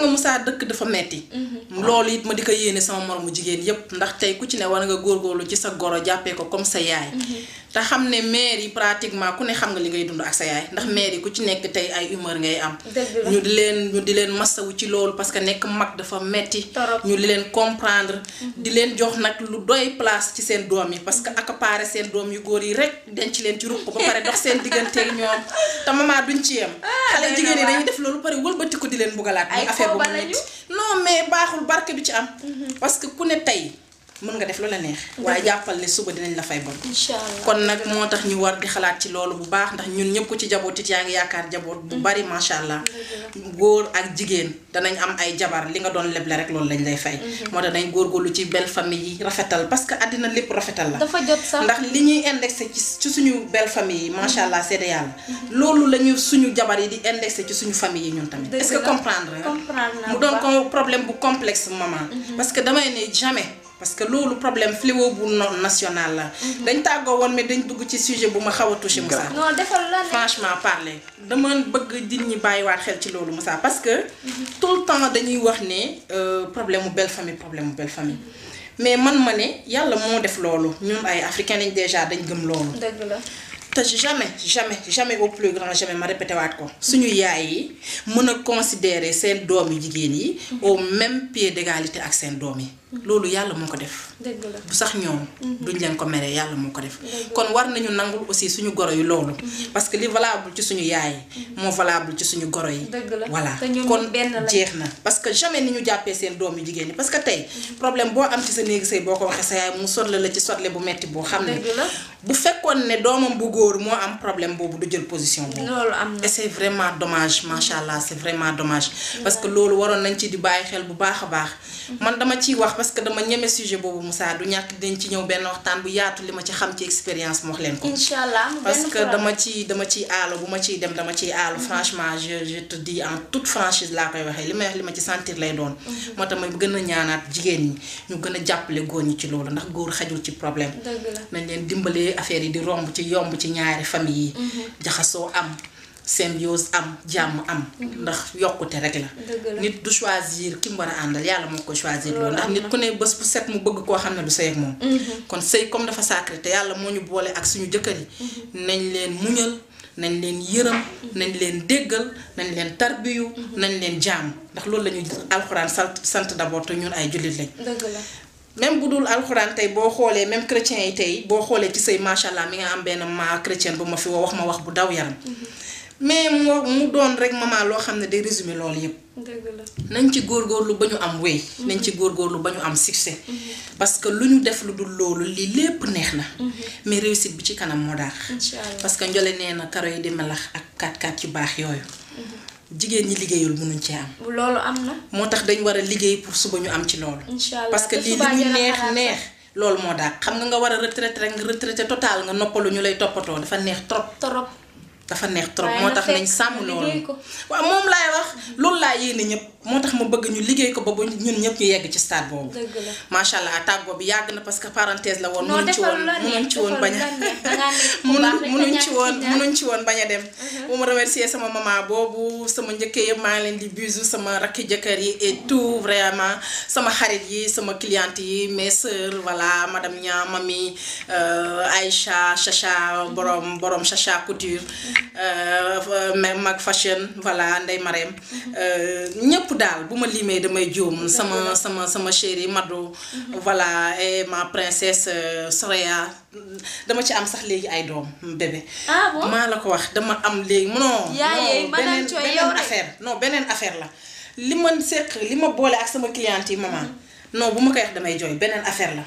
no Moussa dëkk dafa metti mm-hmm. loolu it ma di ko yéene sama moromu jigéen yépp ndax tey ku ci ne war nga góorgóorlu ci sa goro jàppee ko comme sa yaay mm-hmm. te xam ne maire yi pratiquement ku ne xam nga li ngay dund ak sa yaay ndax mm-hmm. maire yi ku ci nekk tey ay humeur ngay am ñu di leen ñu di ci loolu parce que nekk mag dafa metti ñu di leen comprendre di leen jox nag lu doy place ci seen doom yi parce que accaparer seen doom yu góor yi rek denc leen ci ruq seen digganteeg ñoom te maman duñ ci yem ah, xale jigéen yi dañuy def loolu pare non mais baaxul barke du ci am mm-hmm. parce que ku ne tey mën nga def neex. ne suba dinañ la fay bon. kon nag moo ñu war di xalaat ci bu baax ndax ñun ko ci bu mm. bari am ay jabar li nga doon leble rek loolu lañ lay fay. Mm-hmm. moo tax belle famille yi rafetal parce que lépp rafetal la. ndax li ñuy ci suñu belle famille yi macha allah yàlla. Mm-hmm. Mm-hmm. loolu suñu jabar yi di ci suñu famille yi est-ce que comprendre problème bu complexe maman. parce que damay ne jamais parce que le problème fléau national mhm. dañ mais dañ sujet non franchement parler dama bëgg xel ci parce que. Mhm. tout le temps dañuy wax euh, problème belle famille problème belle famille. Mhm. mais man mané yalla mo def ñun ay Africains déjà dañ gëm la jamais jamais jamais au plus grand jamais ma ko. suñu yaay yi considérer au même pied d'égalité ak loolu yàlla moo ko def. bu sax ñoom. Mhm. duñ leen ko meree yàlla moo ko def. kon war nañu nangul aussi suñu goro yi loolu. Mhm. parce que li valable ci suñu yaay. Mhm. moo valable ci suñu goro yi. voilà kon jeex na. parce que jamais ni ñu jàppee seen doom yi jigéen ñi parce que tey problème boo am ci sa néeg sëy boo ko waxee sa yaay mu sotle la ci sotle bu metti boo xam ne. bu fekkoon ne doomam bu góor moo am problème boobu du jël position boobu. loolu am na et c'est vraiment dommage macha allah c'est vraiment dommage. parce que loolu waroon nañ ci di bàyyi xel bu baax a baax. man dama ciy wax parce que dama ñeme sujet boobu Moussa du ñàkk dañ ci ñëw benn waxtaan bu yaatu li ma ci xam ci expérience mu wax leen ko. incha allah parce que dama ciy dama ciy aalo bu ma ciy dem dama ciy aalo franchement je je te dis en toute franchise laa koy waxee li may wax li ma ci sentir lay doon. Mhm. moo tax ma gën a ñaanaat jigéen ñi ñu gën a jàppale góor ñi ci loolu ndax góor xajul ci problème. nañ leen dimbalee affaire yi di romb ci yomb ci ñaari famille yi. Mhm. jaxasoo am. yoos am jàmm am. ndax yokkute rek la. nit du choisir ki mu war a àndal yàlla moo ko choisir loolu ndax nit ku ne bés bu set mu bëgg koo xam ne du sëy ak moom. Mm-hmm. kon sëy comme dafa sacré te yàlla moo ñu boole ak suñu jëkkër yi. Mm-hmm. nañ leen muñal. nañ leen yërëm mm-hmm. nañ leen déggal nañ leen tarbiyu nañ leen jàmm ndax loolu la ñuy alxuraan sant sant d'abord te ñun ay jullit lañ. dëgg la même bu dul alxuraan tey boo xoolee même chrétien yi tey boo xoolee ci sëy macha mi nga am benn ma chrétienne bu ma wax ma wax bu daw yaram. mais moo mu doon rek maman loo xam ne de résumé loolu yëpp. dëgg la nañ ci lu ba ñu am wéy. Mhm. nañ ci góor góorgóorlu ba ñu am succès. Mhm. parce que lu ñu def lu dul loolu lii lépp neex na. Mhm. mais réussite bi ci kanam moo daax. parce que njole nee na karo yi di melax ak kaat kaat yu baax yooyu. jigéen ñi liggéeyul mënuñ ci am. loolu am na. moo tax dañ war a liggéey pour suba ñu am ci loolu. parce que lii li ñu neex neex. loolu moo daax xam nga nga war a retraité rek nga retraité total nga noppalu ñu lay toppatoo dafa neex trop dafa neex trop moo tax nañ sàmm loolu waaw moom laay wax loolu laa na ñëpp moo tax ma bëgg ñu liggéey ko ba ba ñun ñëpp ñu yegg ci stade boobu macha allah tàggoo bi yàgg na parce que parenthèse la woon munuñ ci woon munuñ ci woon bañ a munu munuñ ci woon munuñ ci woon bañ a dem uh-huh. bu ma remercier sama maman boobu sama njëkkee maa ngi leen di bisu sama rakki jëkkër yi et tout vraiment sama xarit yi sama cliente yi mais sœurs voilà madame Nia mami euh, ay Chacha borom borom Chacha couture uh-huh. Euh, euh, mag fashion voilà Ndeye Marème euh, ñëpp daal bu ma limee damay juum sama sama sama chérie Mado mhm. voilà et ma princesse Soraya dama ci am sax léegi ay doom bébé ah maa la ko wax dama am léegi non beneen affaire no beneen affaire la li ma seq li ma boole ak sama cliente yi maman mhm. non bu ma koy wax damay affaire la.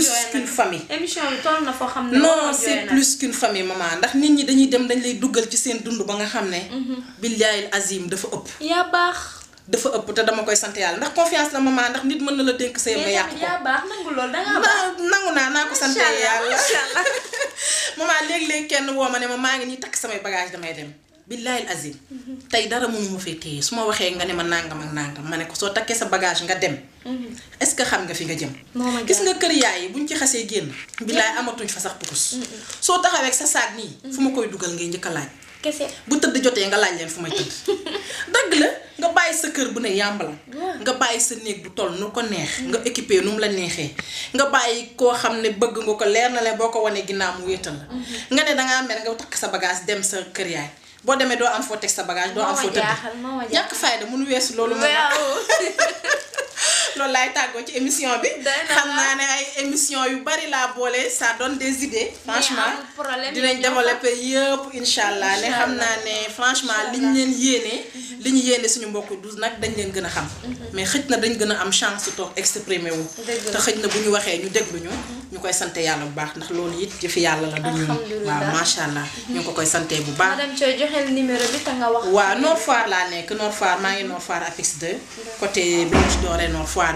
c'est plus qu'une famille. émission na non c'est plus qu'une famille maman ndax nit ñi dañuy dem dañ lay duggal ci seen dund ba nga xam ne. Mhm. dafa ëpp. yaa baax. dafa te dama koy sant ndax confiance la maman ndax nit mën la dénk que nga yàq ko yaa baax nangu lool da nga baax maman léeg-léeg kenn woo ma ne ma maa ngi ñuy bagage damay billahi azim tey dara mënu ma fee téye su ma waxee nga ne ma nangam ak nangam ma ne ko soo takkee sa bagage nga dem. Mhm. est-ce que xam nga fi nga jëm. gis nga kër yaay yi buñ ci xasee génn. billahi amatuñ fa sax soo taxawee ak sa saag nii. fu ma koy dugal ngay njëkk a bu tëdd jotee nga laaj fu may tëdd. dëgg la nga bàyyi sa kër bu ne yàmbala. nga bàyyi sa néeg bu toll nu ko neex. nga équipé nu la neexee. nga bàyyi koo xam ne bëgg nga ko leer na boo ko wanee ginnaaw mu wéetal la. nga ne dangaa mer nga takk sa bagage dem sa kër yaay boo demee doo am foo teg sa bagage. doo am foo tëdd ñàkk fayda mënu weesu loolu. waaw loolu laay tàggoo ci émission bi. xam naa ne ay émission yu bari laa boole ça donne des idées. franchement dinañ développer yëpp incha allah ne xam naa ne franchement li ñu leen yéene. Mhm. li ñu yéene suñu mbokk douze nag dañ leen gën a xam. Mhm. mais xëj na dañ gën a am chance su toog exprimer wu. te xëj na bu ñu waxee ñu déglu ñu. Mhm. ñu koy sante yàlla bu baax ndax loolu it jëfi yàlla la. du ñu waaw macha allah. ñu ko koy sante bu baax. madame Thioye joxel numéro bi te nga wax. waaw Nord Foire laa nekk Nord Foire maa ngi Nord Foire Apix 2. côté Blanche Dorée Nord Foire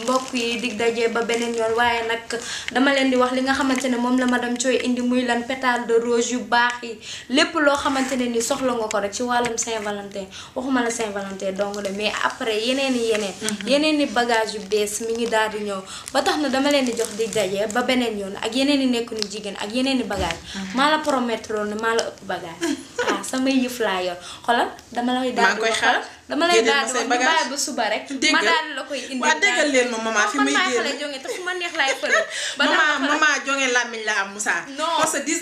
mbokk yi dig daje ba beneen yoon waaye nag dama leen di wax li nga xamante ne moom la dem Thioye indi muy lan pétard de rose yu baax yi lépp loo xamante ne ni soxla nga ko rek ci wàllum Saint-Valentin waxuma la Saint-Valentin dong la mais après yeneen i yeneen. Mhm. yeneen i bagage yu bees mi ngi daal di ñëw ba tax na dama leen di jox dig ba beneen yoon ak yeneen i nekk nu jigéen ak yeneen i mhm. maa la promettre woon ne maa la ëpp bagage ah samay yëf laa yor dama lay daal di wax bàyyi ba suba rek. ma la déggal leen ma maman fi may génn jonge ma neex laay fële. la am Moussa. non on ndax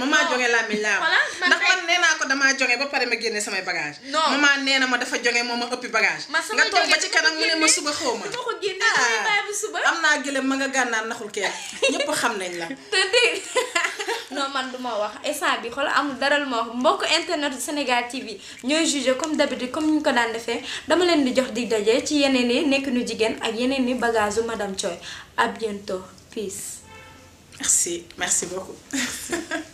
man nee naa ko damaa jonge ba pare ma génne samay bagage non maman nee na ma dafa jonge moo ma ëppi bagage. ma sama jonge nga toog ba ci kanam mu ne ma suba xaw ma. Ah. am naa gëlëm ma nga gànnaar naxul kenn ñëpp xam nañ la. te non man wax instant bi xol amul daral mo wax TV comme d'habitude comme ñu ko daan dama di jox di ci ak madame à bientôt peace. merci merci beaucoup.